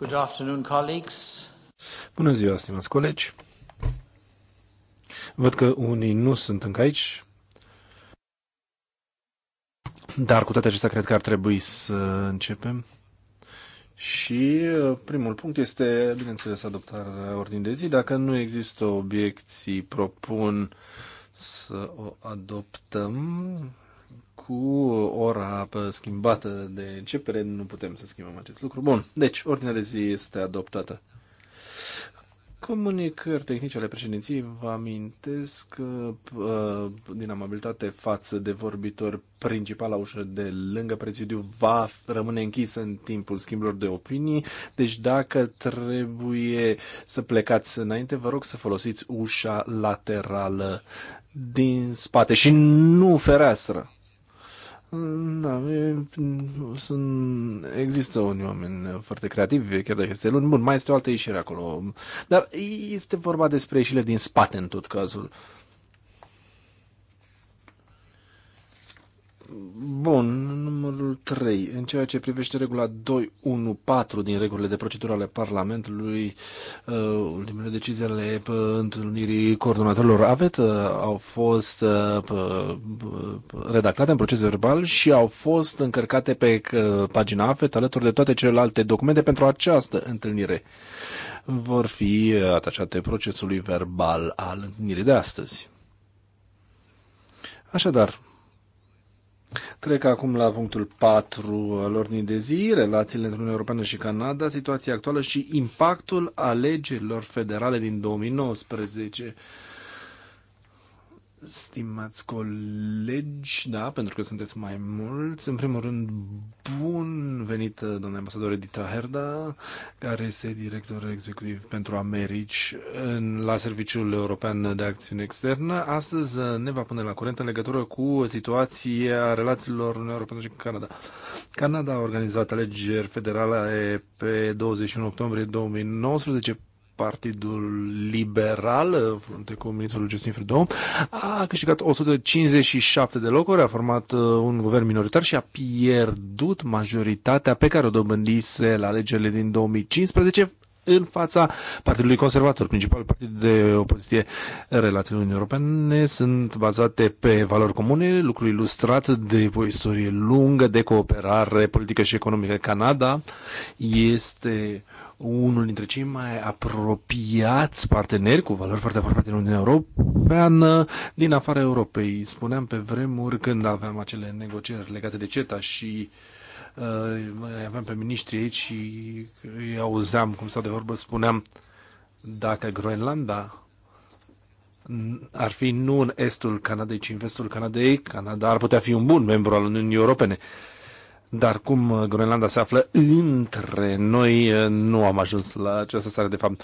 Good afternoon, colleagues. Bună ziua, stimați colegi. Văd că unii nu sunt încă aici, dar cu toate acestea cred că ar trebui să începem. Și uh, primul punct este, bineînțeles, adoptarea ordinii de zi. Dacă nu există obiecții, propun să o adoptăm cu ora schimbată de începere nu putem să schimbăm acest lucru. Bun, deci ordinea de zi este adoptată. Comunicări tehnice ale președinției, vă amintesc că uh, din amabilitate față de vorbitor principala ușă de lângă prezidiu va rămâne închisă în timpul schimburilor de opinii, deci dacă trebuie să plecați înainte, vă rog să folosiți ușa laterală din spate și nu fereastră. Da, sunt, există unii oameni foarte creativi, chiar dacă este luni. Bun, mai este o altă ieșire acolo. Dar este vorba despre ieșirile din spate în tot cazul. Uh, Bun, numărul 3. În ceea ce privește regula 214 din regulile de procedură ale Parlamentului, uh, ultimele decizii ale uh, întâlnirii coordonatorilor AVET uh, au fost uh, redactate în proces verbal și au fost încărcate pe uh, pagina AVET alături de toate celelalte documente pentru această întâlnire. Vor fi uh, atașate procesului verbal al întâlnirii de astăzi. Așadar, Trec acum la punctul 4 al ordinii de zi, relațiile între Uniunea Europeană și Canada, situația actuală și impactul alegerilor federale din 2019. Stimați colegi, da, pentru că sunteți mai mulți. În primul rând, bun venit, domnul ambasador Edita Herda, care este director executiv pentru Americi în, la Serviciul European de Acțiune Externă. Astăzi uh, ne va pune la curent în legătură cu situația relațiilor Uniunea Europeană și cu Canada. Canada a organizat alegeri federale pe 21 octombrie 2019 Partidul Liberal, frunte cu ministrul Justin Trudeau, a câștigat 157 de locuri, a format uh, un guvern minoritar și a pierdut majoritatea pe care o dobândise la alegerile din 2015 în fața Partidului Conservator, principal partid de opoziție. Relațiile Uniunii Europene sunt bazate pe valori comune, lucru ilustrat de o istorie lungă de cooperare politică și economică. Canada este unul dintre cei mai apropiați parteneri, cu valori foarte apropiate în Uniunea Europeană, din afara Europei. Spuneam pe vremuri când aveam acele negocieri legate de CETA și uh, aveam pe miniștri aici și îi auzeam cum stau de vorbă, spuneam dacă Groenlanda ar fi nu în estul Canadei, ci în vestul Canadei, Canada ar putea fi un bun membru al Uniunii Europene. Uh, dar cum uh, Groenlanda se află între noi, uh, nu am ajuns la această stare de fapt.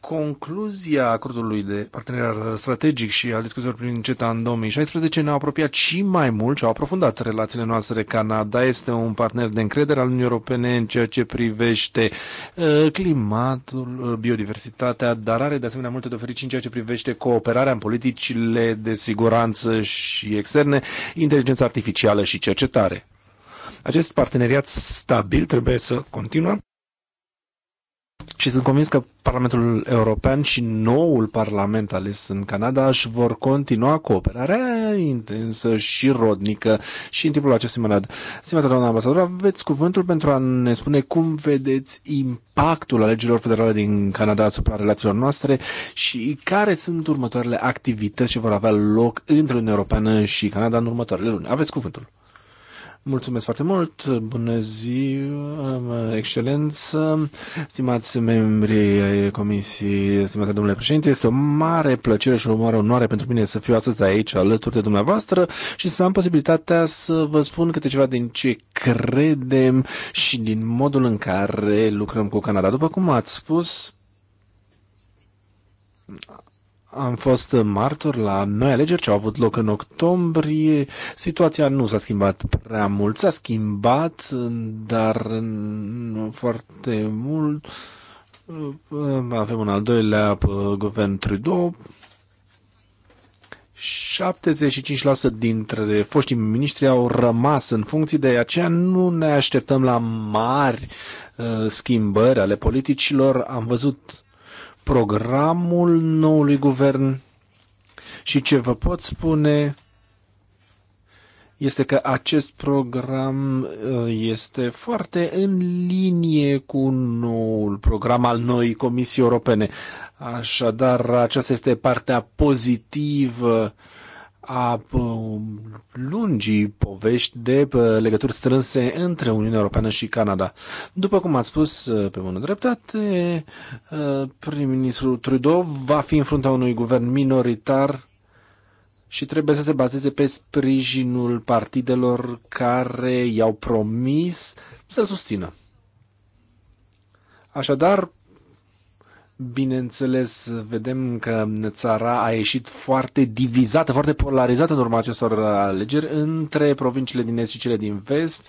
Concluzia acordului de parteneriat strategic și a discuțiilor prin CETA în 2016 ne-a apropiat și mai mult și au aprofundat relațiile noastre. Canada este un partener de încredere al Uniunii Europene în ceea ce privește uh, climatul, biodiversitatea, dar are de asemenea multe de oferit și în ceea ce privește cooperarea în politicile de siguranță și externe, inteligența artificială și cercetare. Acest parteneriat stabil trebuie să continuă și sunt convins că Parlamentul European și noul Parlament ales în Canada își vor continua cooperarea intensă și rodnică și în timpul acestui mandat. Stimată doamna ambasador, aveți cuvântul pentru a ne spune cum vedeți impactul alegerilor federale din Canada asupra relațiilor noastre și care sunt următoarele activități ce vor avea loc între Uniunea Europeană și Canada în următoarele luni. Aveți cuvântul. Mulțumesc foarte mult, bună ziua, excelență, stimați membri ai comisiei, stimate domnule președinte, este o mare plăcere și o mare onoare pentru mine să fiu astăzi aici alături de dumneavoastră și să am posibilitatea să vă spun câte ceva din ce credem și din modul în care lucrăm cu Canada. După cum ați spus, am fost martor la noi alegeri ce au avut loc în octombrie. Situația nu s-a schimbat prea mult. S-a schimbat, dar nu foarte mult. Avem un al doilea uh, guvern Trudeau. 75% dintre foștii miniștri au rămas în funcție de aceea nu ne așteptăm la mari uh, schimbări ale politicilor. Am văzut programul noului guvern și ce vă pot spune este că acest program uh, este foarte în linie cu noul program al noii Comisii Europene. Așadar, aceasta este partea pozitivă uh, a um, lungii povești de uh, legături strânse între Uniunea Europeană și Canada. După cum ați spus uh, pe bună dreptate, uh, prim-ministrul Trudeau va fi în fruntea unui guvern minoritar și trebuie să se bazeze pe sprijinul partidelor care i-au promis să-l susțină. Așadar, Bineînțeles, vedem că țara a ieșit foarte divizată, foarte polarizată în urma acestor alegeri între provinciile din est și cele din vest,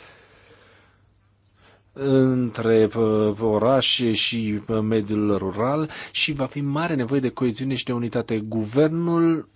între uh, orașe și uh, mediul rural și va fi mare nevoie de coeziune și de unitate. Guvernul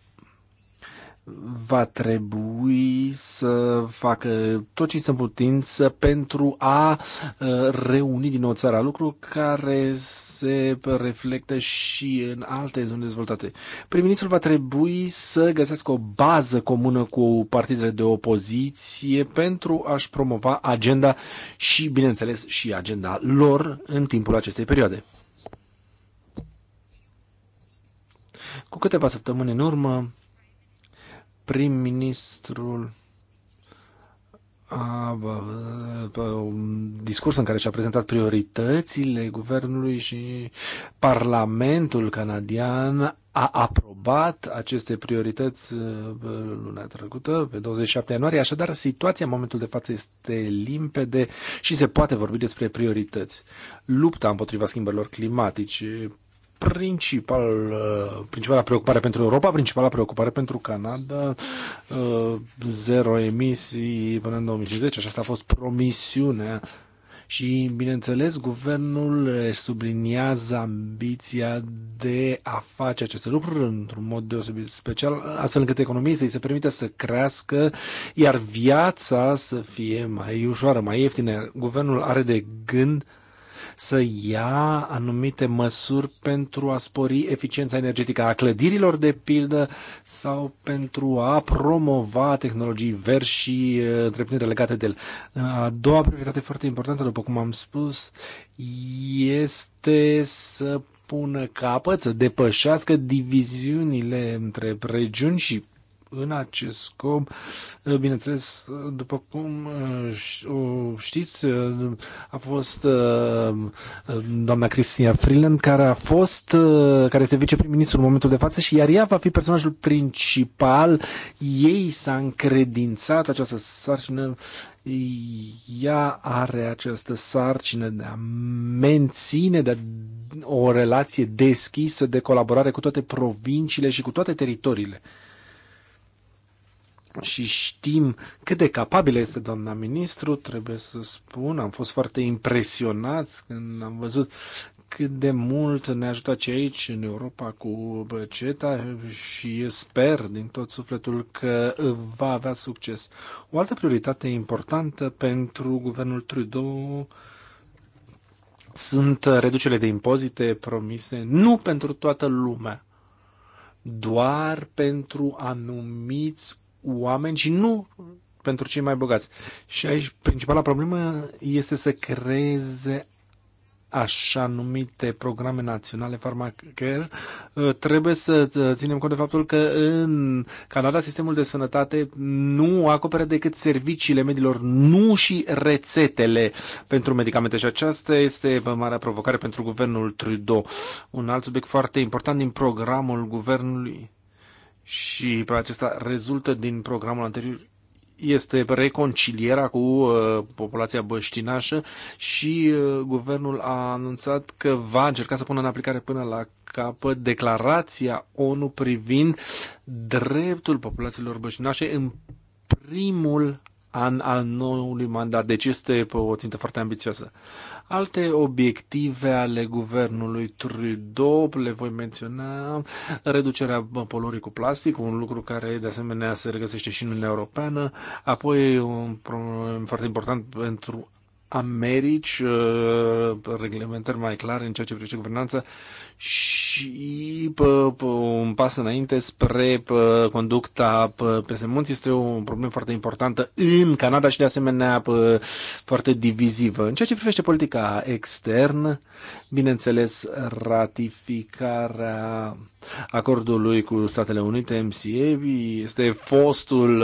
va trebui să facă tot ce este în putință pentru a uh, reuni din nou țara lucru care se reflectă și în alte zone dezvoltate. Prim-ministrul va trebui să găsească o bază comună cu partidele de opoziție pentru a-și promova agenda și, bineînțeles, și agenda lor în timpul acestei perioade. Cu câteva săptămâni în urmă, prim-ministrul a, un discurs în care și-a prezentat prioritățile guvernului și Parlamentul canadian a aprobat aceste priorități luna trecută, pe 27 ianuarie, așadar situația în momentul de față este limpede și se poate vorbi despre priorități. Lupta împotriva schimbărilor climatice, principal, uh, principala preocupare pentru Europa, principala preocupare pentru Canada, uh, zero emisii până în 2050, aceasta a fost promisiunea și, bineînțeles, guvernul subliniază ambiția de a face aceste lucruri într-un mod deosebit special, astfel încât economiei să-i se permite să crească, iar viața să fie mai ușoară, mai ieftină. Guvernul are de gând uh, să ia anumite măsuri pentru a spori eficiența energetică a clădirilor, de pildă, sau pentru a promova tehnologii verzi și întreprinderi legate de el. A doua prioritate foarte importantă, după cum am spus, este să pună capăt, să depășească diviziunile între regiuni și în acest scop, eh, bineînțeles, după cum eh, știți, eh, a fost doamna Cristina Freeland, care a fost, care este viceprim-ministru în momentul de față și iar ea va fi personajul principal. Ei s-a încredințat această sarcină ea are această sarcină de a menține de a, o relație deschisă de colaborare cu toate provinciile și cu toate teritoriile și știm cât de capabilă este doamna ministru, trebuie să spun, am fost foarte impresionați când am văzut cât de mult ne ajută cei aici în Europa cu CETA și sper din tot sufletul că va avea succes. O altă prioritate importantă pentru guvernul Trudeau sunt reducerile de impozite promise nu pentru toată lumea, doar pentru anumiți oameni și nu pentru cei mai bogați. Și aici principala problemă este să creeze așa numite programe naționale farmacare, ă, trebuie să ă, ținem cont de faptul că în Canada sistemul de sănătate nu acoperă decât serviciile medilor, nu și rețetele pentru medicamente. Și aceasta este marea provocare pentru guvernul Trudeau. Un alt subiect foarte important din programul guvernului și acesta rezultă din programul anterior este reconcilierea cu uh, populația băștinașă și uh, guvernul a anunțat că va încerca să pună în aplicare până la capăt declarația ONU privind dreptul populațiilor băștinașe în primul an al noului mandat. Deci este o țintă foarte ambițioasă alte obiective ale guvernului Trudeau, le voi menționa, reducerea poluării cu plastic, un lucru care de asemenea se regăsește și în Uniunea Europeană, apoi un problem foarte important pentru Americi, uh, reglementări mai clare în ceea ce privește guvernanța și un pas înainte spre conducta peste munți este o problemă foarte importantă în Canada și de asemenea foarte divizivă. În ceea ce privește politica externă, Bineînțeles, ratificarea acordului cu Statele Unite, MCA, este fostul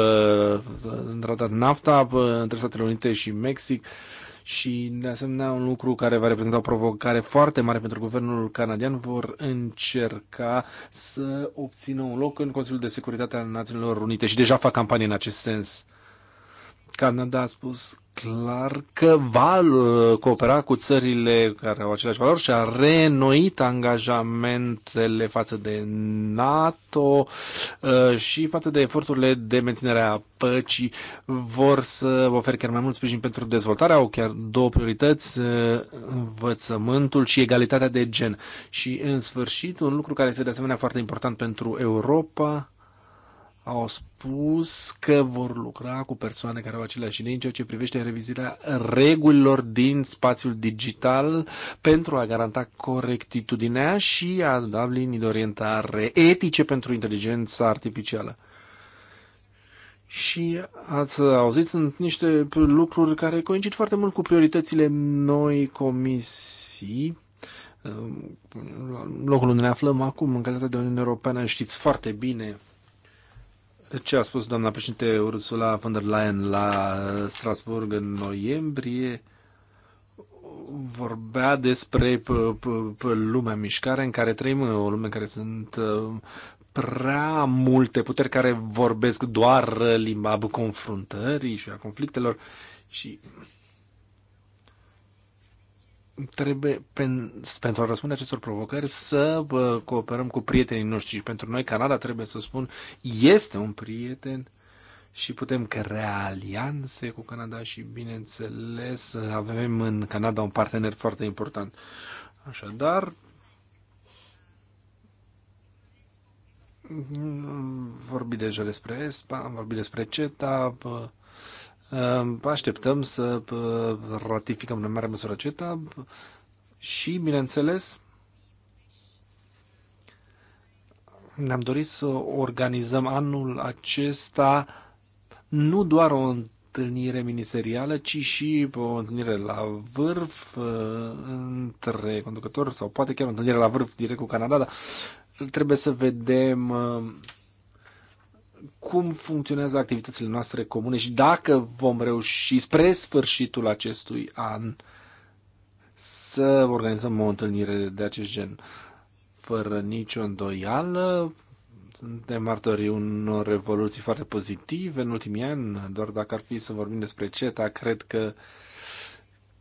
uh, tratat NAFTA uh, între Statele Unite și Mexic și, de asemenea, un lucru care va reprezenta o provocare foarte mare pentru guvernul canadian, vor încerca să obțină un loc în Consiliul de Securitate al Națiunilor Unite și deja fac campanie în acest sens. Canada a spus clar că va uh, coopera cu țările care au aceleași valori și a reînnoit angajamentele față de NATO uh, și față de eforturile de menținere a păcii. Vor să ofere chiar mai mult sprijin pentru dezvoltare, au chiar două priorități, uh, învățământul și egalitatea de gen. Și în sfârșit, un lucru care este de asemenea foarte important pentru Europa, au spus că vor lucra cu persoane care au aceleași idei în ceea ce privește revizirea regulilor din spațiul digital pentru a garanta corectitudinea și a da linii de orientare etice pentru inteligența artificială. Și ați auzit, sunt niște lucruri care coincid foarte mult cu prioritățile noi comisii locul unde ne aflăm acum, în calitate de Uniune Europeană, știți foarte bine ce a spus doamna președinte Ursula von der Leyen la Strasburg în noiembrie vorbea despre lumea mișcare în care trăim, o lume în care sunt uh, prea multe puteri care vorbesc doar limba confruntării și a conflictelor și trebuie pen, pentru a răspunde acestor provocări să bă, cooperăm cu prietenii noștri și pentru noi Canada, trebuie să spun, este un prieten și putem crea alianțe cu Canada și, bineînțeles, avem în Canada un partener foarte important. Așadar, vorbi deja despre ESPA, am vorbit despre CETA, bă, Așteptăm să ratificăm în mare măsură CETA și, bineînțeles, ne-am dorit să organizăm anul acesta nu doar o întâlnire ministerială, ci și o întâlnire la vârf între conducători sau poate chiar o întâlnire la vârf direct cu Canada, dar trebuie să vedem cum funcționează activitățile noastre comune și dacă vom reuși spre sfârșitul acestui an să organizăm o întâlnire de acest gen. Fără nicio îndoială, suntem martorii unor revoluții foarte pozitive în ultimii ani, doar dacă ar fi să vorbim despre CETA, cred că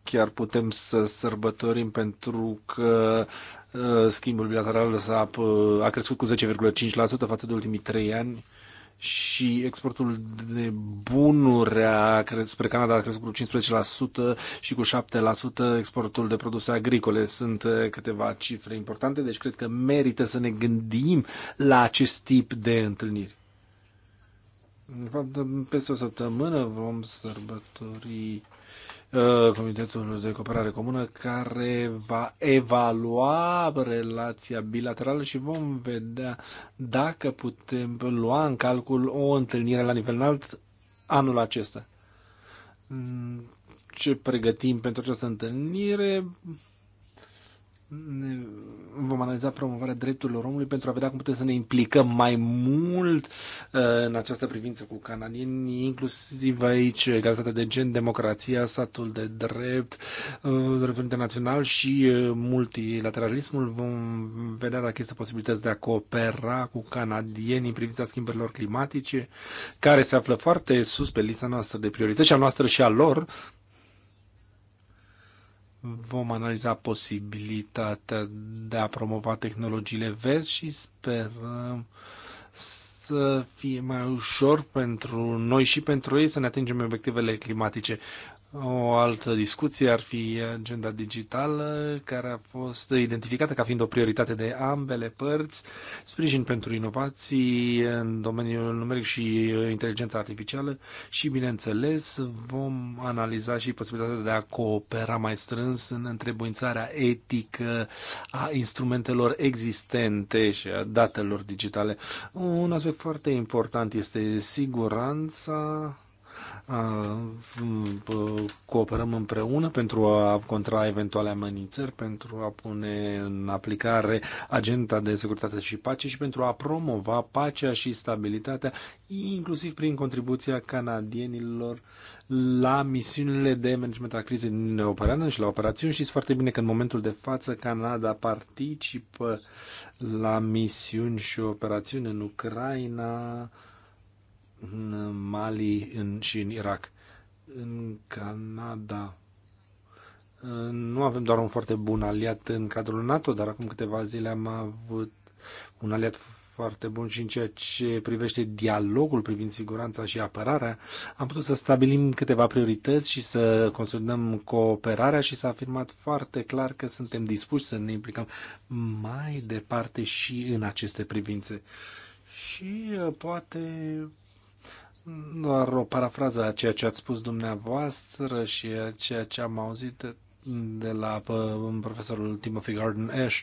chiar putem să sărbătorim pentru că uh, schimbul bilateral a, uh, a crescut cu 10,5% față de ultimii 3 ani și exportul de bunuri a spre Canada a crescut cu 15% și cu 7% exportul de produse agricole. Sunt uh, câteva cifre importante, deci cred că merită să ne gândim la acest tip de întâlniri. De fapt, peste o săptămână vom sărbători Uh, Comitetul de Cooperare Comună care va evalua relația bilaterală și vom vedea dacă putem lua în calcul o întâlnire la nivel înalt anul acesta. Mm, Ce pregătim pentru această întâlnire? ne vom analiza promovarea drepturilor omului pentru a vedea cum putem să ne implicăm mai mult uh, în această privință cu canadieni, inclusiv aici egalitatea de gen, democrația, satul de drept, uh, dreptul internațional și uh, multilateralismul. Vom vedea dacă este posibilități de a coopera cu canadieni în privința schimbărilor climatice, care se află foarte sus pe lista noastră de priorități, a noastră și a lor, Vom analiza posibilitatea de a promova tehnologiile verzi și sperăm să fie mai ușor pentru noi și pentru ei să ne atingem obiectivele climatice. O altă discuție ar fi agenda digitală, care a fost identificată ca fiind o prioritate de ambele părți, sprijin pentru inovații în domeniul numeric și inteligența artificială și, bineînțeles, vom analiza și posibilitatea de a coopera mai strâns în întrebuințarea etică a instrumentelor existente și a datelor digitale. Un aspect foarte important este siguranța cooperăm împreună pentru a contra eventuale amenințări, pentru a pune în aplicare agenda de securitate și pace și pentru a promova pacea și stabilitatea, inclusiv prin contribuția canadienilor la misiunile de management a crizei din Europeană și la operațiuni. Știți foarte bine că în momentul de față Canada participă la misiuni și operațiuni în Ucraina, în Mali în, și în Irak. În Canada nu avem doar un foarte bun aliat în cadrul NATO, dar acum câteva zile am avut un aliat foarte bun și în ceea ce privește dialogul privind siguranța și apărarea, am putut să stabilim câteva priorități și să consolidăm cooperarea și s-a afirmat foarte clar că suntem dispuși să ne implicăm mai departe și în aceste privințe. Și uh, poate doar o parafrază a ceea ce ați spus dumneavoastră și a ceea ce am auzit de la uh, profesorul Timothy Garden Ash,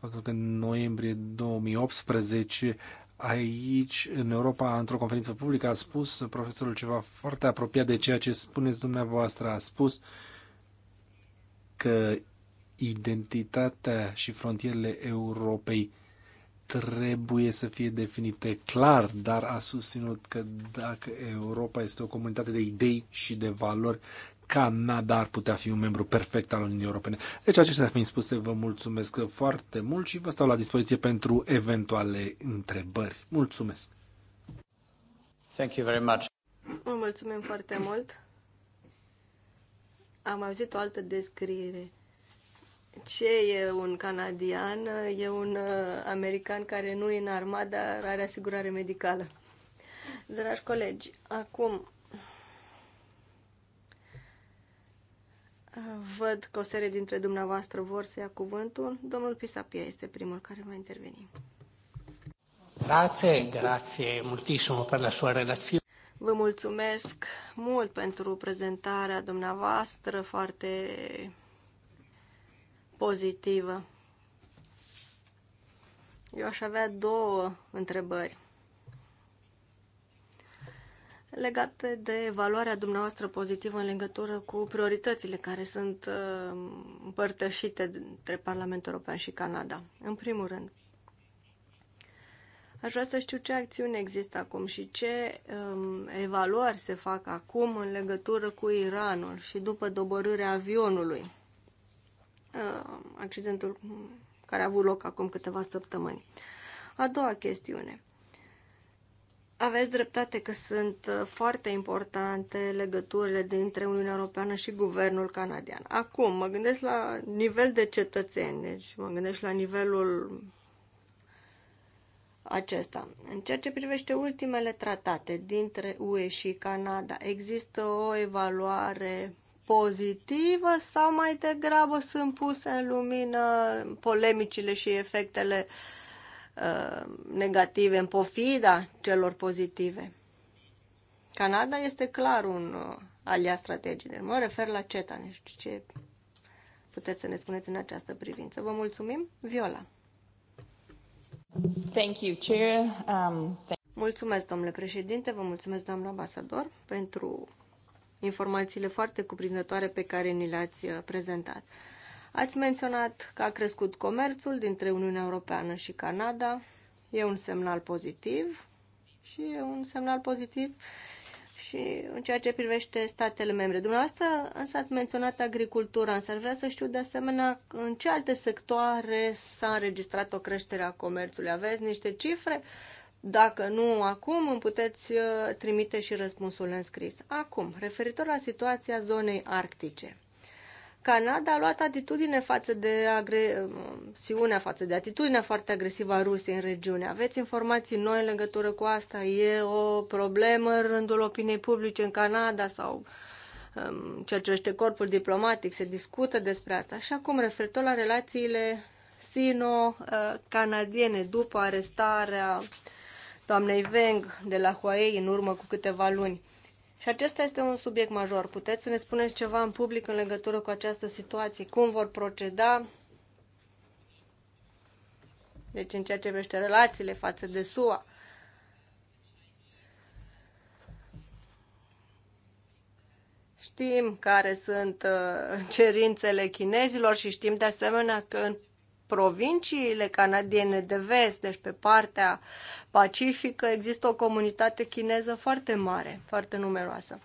faptul că în noiembrie 2018 aici, în Europa, într-o conferință publică, a spus profesorul ceva foarte apropiat de ceea ce spuneți dumneavoastră. A spus că identitatea și frontierele Europei uh, trebuie să fie definite clar, dar a susținut că dacă Europa este o comunitate de idei și de valori, Canada ar putea fi un membru perfect al Uniunii Europene. Deci acestea fiind spuse, vă mulțumesc foarte mult și vă stau la dispoziție pentru eventuale întrebări. Mulțumesc! Thank you very much. Vă mulțumim foarte mult. Am auzit o altă descriere ce e un canadian? E un uh, american care nu e în armată, dar are asigurare medicală. Dragi colegi, acum văd că o serie dintre dumneavoastră vor să ia cuvântul. Domnul Pisapia este primul care va interveni. Grazie, grazie moltissimo per la sua relazione. Vă mulțumesc mult pentru prezentarea dumneavoastră foarte pozitivă. Eu aș avea două întrebări legate de valoarea dumneavoastră pozitivă în legătură cu prioritățile care sunt uh, împărtășite între Parlamentul European și Canada. În primul rând, aș vrea să știu ce acțiuni există acum și ce um, evaluări se fac acum în legătură cu Iranul și după dobărârea avionului Uh, accidentul care a avut loc acum câteva săptămâni. A doua chestiune. Aveți dreptate că sunt uh, foarte importante legăturile dintre Uniunea Europeană și guvernul canadian. Acum, mă gândesc la nivel de cetățeni, deci mă gândesc la nivelul acesta. În ceea ce privește ultimele tratate dintre UE și Canada, există o evaluare pozitivă sau mai degrabă sunt puse în lumină polemicile și efectele uh, negative în pofida celor pozitive? Canada este clar un uh, aliat strategic. Deci mă refer la CETA, nu știu ce puteți să ne spuneți în această privință. Vă mulțumim, Viola. Thank you, Chair. Um, thank- mulțumesc, domnule președinte, vă mulțumesc, doamnă ambasador, pentru informațiile foarte cuprinzătoare pe care ni le-ați uh, prezentat. Ați menționat că a crescut comerțul dintre Uniunea Europeană și Canada. E un semnal pozitiv și e un semnal pozitiv și în ceea ce privește statele membre. Dumneavoastră însă ați menționat agricultura, însă ar vrea să știu de asemenea în ce alte sectoare s-a înregistrat o creștere a comerțului. Aveți niște cifre? Uh, dacă nu acum, îmi puteți uh, trimite și răspunsul în scris. Acum, referitor la situația zonei arctice. Canada a luat atitudine față de agresiunea, uh, față de atitudinea foarte agresivă a Rusiei în regiune. Aveți informații noi în legătură cu asta? E o problemă în rândul opiniei publice în Canada sau um, ceea ce este corpul diplomatic? Se discută despre asta. Și acum, referitor la relațiile sino-canadiene uh, după arestarea uh, doamnei Veng de la Huawei în urmă cu câteva luni. Și acesta este un subiect major. Puteți să ne spuneți ceva în public în legătură cu această situație? Cum vor proceda? Deci în ceea ce privește relațiile față de SUA. Știm care sunt uh, cerințele chinezilor și știm de asemenea că în provinciile canadiene de vest, deci pe partea pacifică, există o comunitate chineză foarte mare, foarte numeroasă.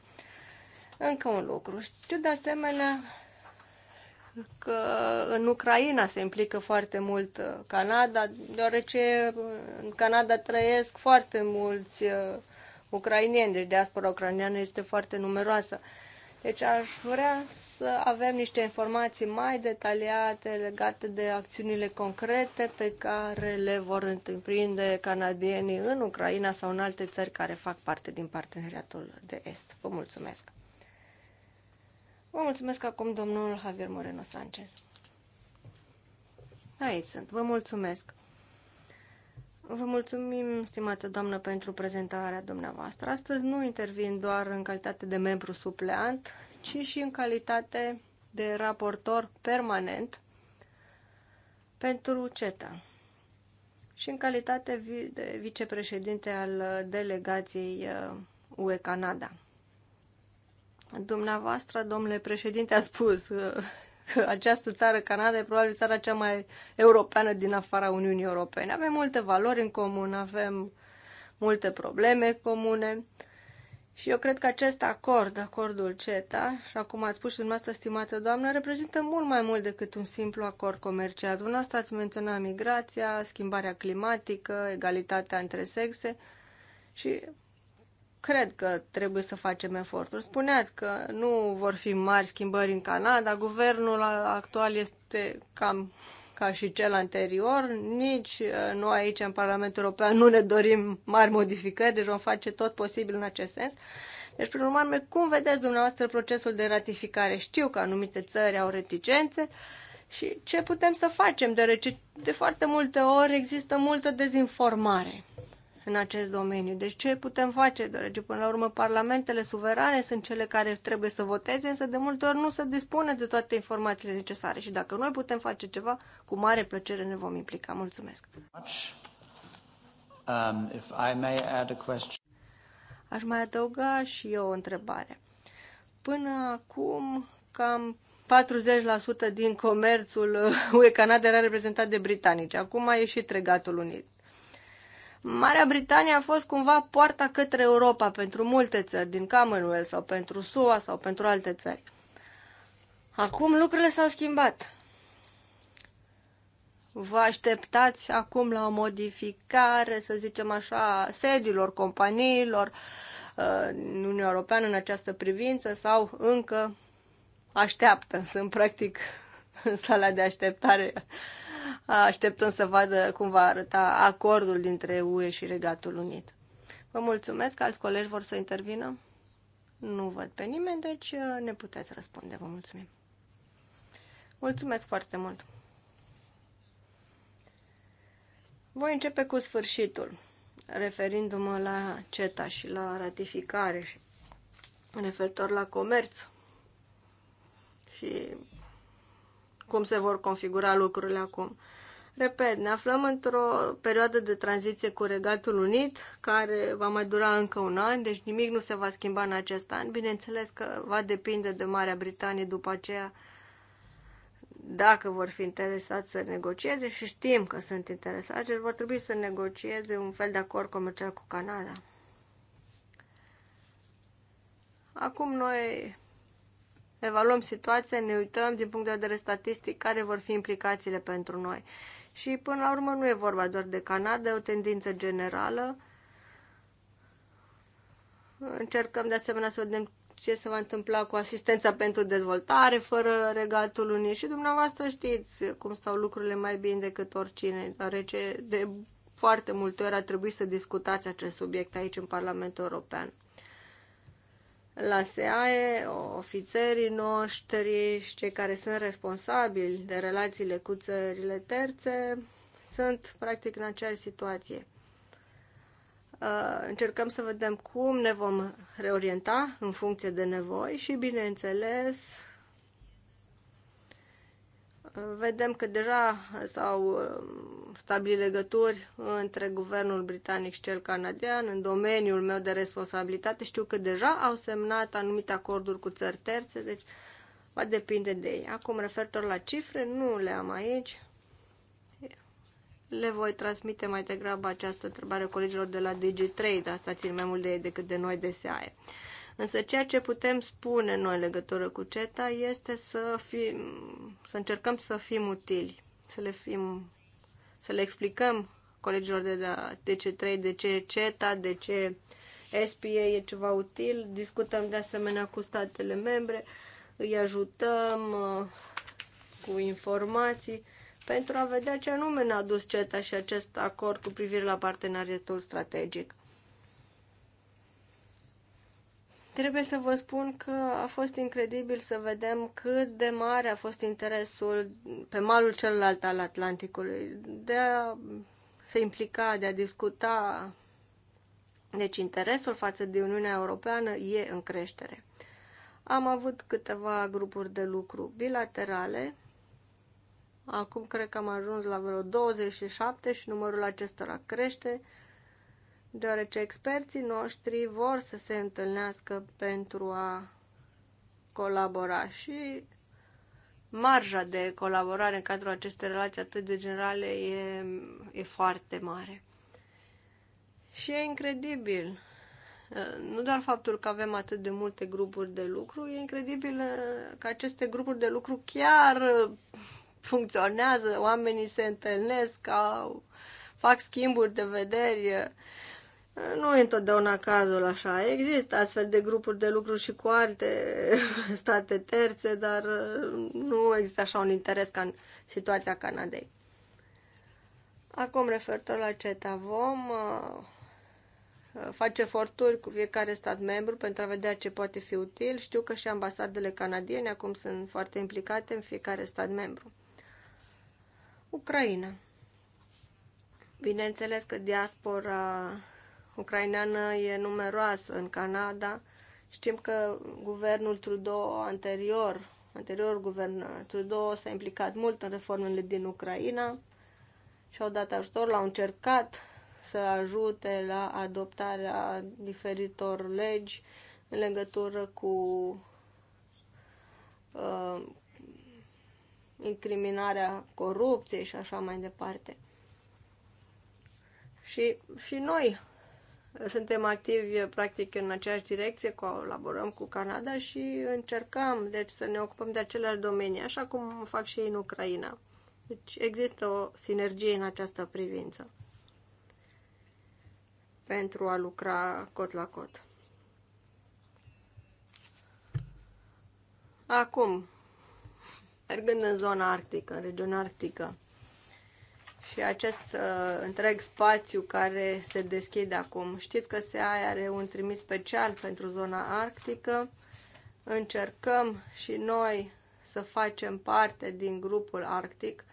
Încă un lucru. Știu de asemenea că în Ucraina se implică foarte mult uh, Canada, deoarece în Canada trăiesc foarte mulți uh, ucrainieni, deci diaspora ucraineană este foarte numeroasă. Uh, deci aș vrea să avem niște informații mai detaliate legate de acțiunile concrete pe care le vor întreprinde canadienii în Ucraina sau în alte țări care fac parte din parteneriatul de est. Vă mulțumesc! Vă mulțumesc acum domnul Javier Moreno Sanchez. Aici sunt. Vă mulțumesc! Vă mulțumim, stimată doamnă, pentru prezentarea dumneavoastră. Astăzi nu intervin doar în calitate de membru supleant, ci și în calitate de raportor permanent pentru CETA și în calitate de vicepreședinte al delegației UE uh, Canada. Dumneavoastră, domnule președinte, a spus uh, că această țară, Canada, e probabil țara cea mai europeană din afara Uniunii Europene. Avem multe valori în comun, avem multe probleme comune. Și eu cred că acest acord, acordul CETA, și acum ați spus și dumneavoastră, stimată doamnă, reprezintă mult mai mult decât un simplu acord comercial. Dumneavoastră ați menționat migrația, schimbarea climatică, egalitatea între sexe și cred că trebuie să facem eforturi. Spuneați că nu vor fi mari schimbări în Canada, guvernul actual este cam ca și cel anterior, nici uh, noi aici în Parlamentul European nu ne dorim mari modificări, deci vom face tot posibil în acest sens. Deci, prin urmare, cum vedeți dumneavoastră procesul de ratificare? Știu că anumite țări au reticențe și ce putem să facem, deoarece de foarte multe ori există multă dezinformare în acest domeniu. Deci ce putem face? dragi? până la urmă parlamentele suverane sunt cele care trebuie să voteze, însă de multe ori nu se dispune de toate informațiile necesare și dacă noi putem face ceva, cu mare plăcere ne vom implica. Mulțumesc! Um, Aș mai adăuga și eu o întrebare. Până acum, cam 40% din comerțul uh, UE Canada era reprezentat de britanici. Acum a ieșit Regatul Unit. Marea Britanie a fost cumva poarta către Europa pentru multe țări din Commonwealth sau pentru SUA sau pentru alte țări. Acum lucrurile s-au schimbat. Vă așteptați acum la o modificare, să zicem așa, sediilor companiilor uh, în Uniunea Europeană în această privință sau încă așteaptă, sunt practic în sala de așteptare Așteptăm să vadă cum va arăta acordul dintre UE și Regatul Unit. Vă mulțumesc, alți colegi vor să intervină? Nu văd pe nimeni, deci uh, ne puteți răspunde. Vă mulțumim. Mulțumesc foarte mult. Voi începe cu sfârșitul, referindu-mă la CETA și la ratificare, referitor la comerț și cum se vor configura lucrurile acum. Repet, ne aflăm într-o perioadă de tranziție cu Regatul Unit, care va mai dura încă un an, deci nimic nu se va schimba în acest an. Bineînțeles că va depinde de Marea Britanie după aceea dacă vor fi interesați să negocieze și știm că sunt interesați, deci vor trebui să negocieze un fel de acord comercial cu Canada. Acum noi evaluăm situația, ne uităm din punct de vedere statistic care vor fi implicațiile pentru noi. Și până la urmă nu e vorba doar de Canada, e o tendință generală. Încercăm de asemenea să vedem ce se va întâmpla cu asistența pentru dezvoltare fără regatul unii și dumneavoastră știți cum stau lucrurile mai bine decât oricine, deoarece de foarte multe ori a trebuit să discutați acest subiect aici în Parlamentul European la SEAE, ofițerii noștri și cei care sunt responsabili de relațiile cu țările terțe sunt practic în aceeași situație. Uh, încercăm să vedem cum ne vom reorienta în funcție de nevoi și, bineînțeles, vedem că deja s-au um, stabilit legături între guvernul britanic și cel canadian în domeniul meu de responsabilitate. Știu că deja au semnat anumite acorduri cu țări terțe, deci va depinde de ei. Acum, referitor la cifre, nu le am aici. Le voi transmite mai degrabă această întrebare colegilor de la DG3, dar asta țin mai mult de ei decât de noi de SAE. Însă ceea ce putem spune noi în legătură cu CETA este să, fim, să încercăm să fim utili, să le, fim, să le explicăm colegilor de la ce 3 de ce CETA, de ce SPA e ceva util. Discutăm de asemenea cu statele membre, îi ajutăm uh, cu informații pentru a vedea ce anume ne-a dus CETA și acest acord cu privire la parteneriatul strategic. Trebuie să vă spun că a fost incredibil să vedem cât de mare a fost interesul pe malul celălalt al Atlanticului de a se implica, de a discuta. Deci interesul față de Uniunea Europeană e în creștere. Am avut câteva grupuri de lucru bilaterale. Acum cred că am ajuns la vreo 27 și numărul acestora crește deoarece experții noștri vor să se întâlnească pentru a colabora și marja de colaborare în cadrul acestei relații atât de generale e, e foarte mare. Și e incredibil. Nu doar faptul că avem atât de multe grupuri de lucru, e incredibil uh, că aceste grupuri de lucru chiar uh, funcționează, oamenii se întâlnesc, au, fac schimburi de vederi, uh, nu e întotdeauna cazul așa. Există astfel de grupuri de lucru și cu alte state terțe, dar uh, nu există așa un interes ca în situația Canadei. Acum, referitor la CETA, vom uh, face eforturi cu fiecare stat membru pentru a vedea ce poate fi util. Știu că și ambasadele canadiene acum sunt foarte implicate în fiecare stat membru. Ucraina. Bineînțeles că diaspora ucraineană e numeroasă în Canada. Știm că guvernul Trudeau anterior, anterior guvern Trudeau s-a implicat mult în reformele din Ucraina și au dat ajutor, l-au încercat să ajute la adoptarea diferitor legi în legătură cu uh, incriminarea corupției și așa mai departe. Și, și noi suntem activi, practic, în aceeași direcție, colaborăm cu Canada și încercăm, deci, să ne ocupăm de aceleași domenii, așa cum fac și ei în Ucraina. Deci există o sinergie în această privință pentru a lucra cot la cot. Acum, mergând în zona arctică, în regiunea arctică, și acest uh, întreg spațiu care se deschide acum. Știți că se are un trimis special pentru zona arctică. Încercăm și noi să facem parte din grupul arctic.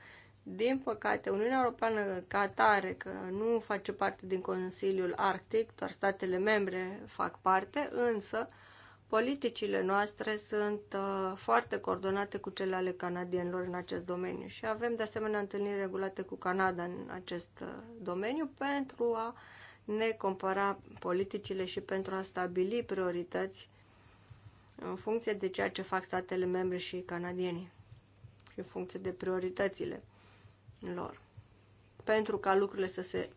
Din păcate, Uniunea Europeană ca tare că nu face parte din Consiliul Arctic, doar statele membre fac parte, însă uh, Politicile noastre sunt uh, foarte coordonate cu cele ale canadienilor în acest domeniu și avem de asemenea întâlniri regulate cu Canada în acest uh, domeniu pentru a ne compara politicile și pentru a stabili priorități în funcție de ceea ce fac statele membre și canadienii și în funcție de prioritățile lor pentru ca lucrurile să se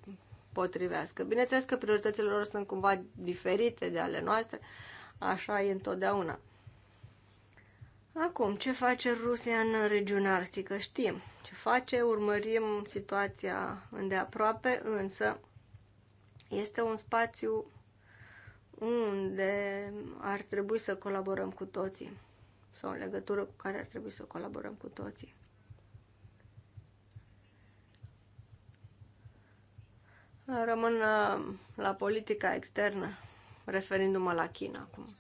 potrivească. Bineînțeles că prioritățile lor sunt cumva diferite de ale noastre, Așa e întotdeauna. Acum, ce face Rusia în regiunea arctică? Știm ce face, urmărim situația îndeaproape, însă este un spațiu unde ar trebui să colaborăm cu toții sau în legătură cu care ar trebui să colaborăm cu toții. Rămân uh, la politica externă referindu-mă la China acum.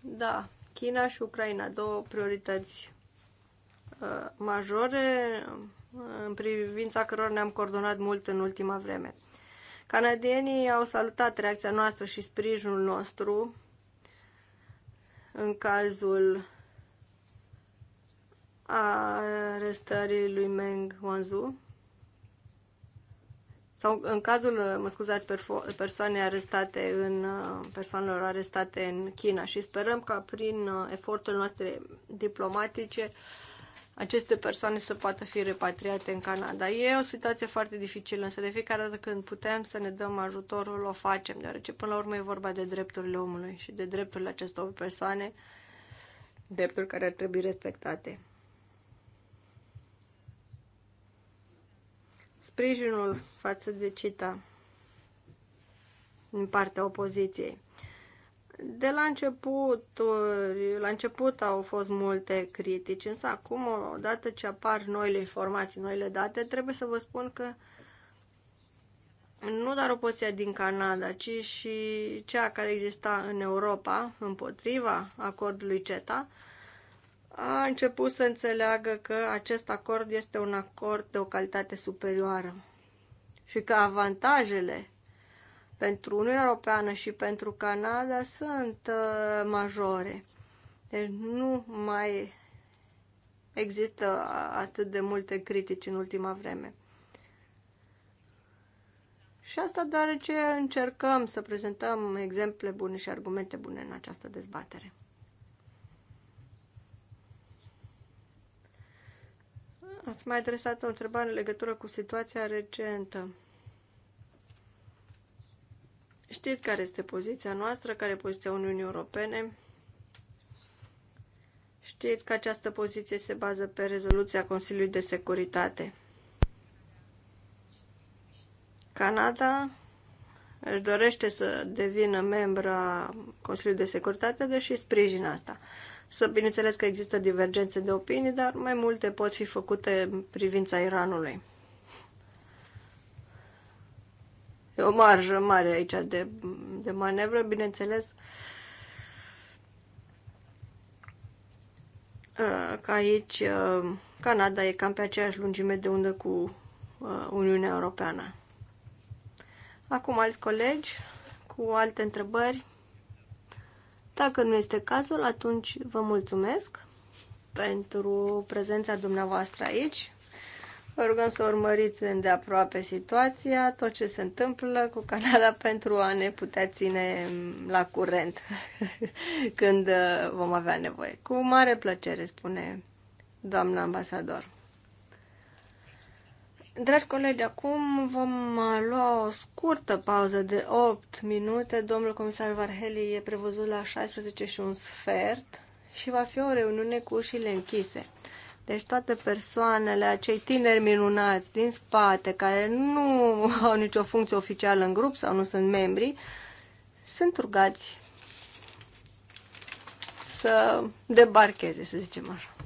Da, China și Ucraina, două priorități uh, majore uh, în privința căror ne-am coordonat mult în ultima vreme. Canadienii au salutat reacția noastră și sprijinul nostru în cazul arestării lui Meng Wanzhou sau în cazul, uh, mă scuzați, persoane arestate în, uh, persoanelor arestate în China și sperăm ca prin uh, eforturile noastre diplomatice aceste persoane să poată fi repatriate în Canada. E o situație foarte dificilă, însă de fiecare dată când putem să ne dăm ajutorul, o facem, deoarece până la urmă e vorba de drepturile omului și de drepturile acestor persoane, drepturi care ar trebui respectate. sprijinul față de CITA din partea opoziției. De la început, la început au fost multe critici, însă acum, odată ce apar noile informații, noile date, trebuie să vă spun că nu doar opoziția din Canada, ci și cea care exista în Europa împotriva acordului CETA, a început să înțeleagă că acest acord este un acord de o calitate superioară și că avantajele pentru Uniunea Europeană și pentru Canada sunt uh, majore. Deci nu mai există atât de multe critici în ultima vreme. Și asta deoarece încercăm să prezentăm exemple bune și argumente bune în această dezbatere. Ați mai adresat o întrebare în legătură cu situația recentă. Știți care este poziția noastră, care este poziția Uniunii Europene. Știți că această poziție se bază pe rezoluția Consiliului de Securitate. Canada își dorește să devină membra Consiliului de Securitate, deși sprijină asta. Să bineînțeles că există divergențe de opinii, dar mai multe pot fi făcute în privința Iranului. E o marjă mare aici de, de manevră, bineînțeles. Uh, că aici uh, Canada e cam pe aceeași lungime de undă cu uh, Uniunea Europeană. Acum alți colegi cu alte întrebări. Dacă nu este cazul, atunci vă mulțumesc pentru prezența dumneavoastră aici. Vă rugăm să urmăriți îndeaproape situația, tot ce se întâmplă cu canala pentru a ne putea ține la curent când uh, vom avea nevoie. Cu mare plăcere, spune doamna ambasador. Dragi colegi, acum vom uh, lua o scurtă pauză de 8 minute. Domnul comisar Varheli e prevăzut la 16 și un sfert și va fi o reuniune cu ușile închise. Deci toate persoanele, acei tineri minunați din spate, care nu au nicio funcție oficială în grup sau nu sunt membri, sunt rugați să debarcheze, să zicem așa.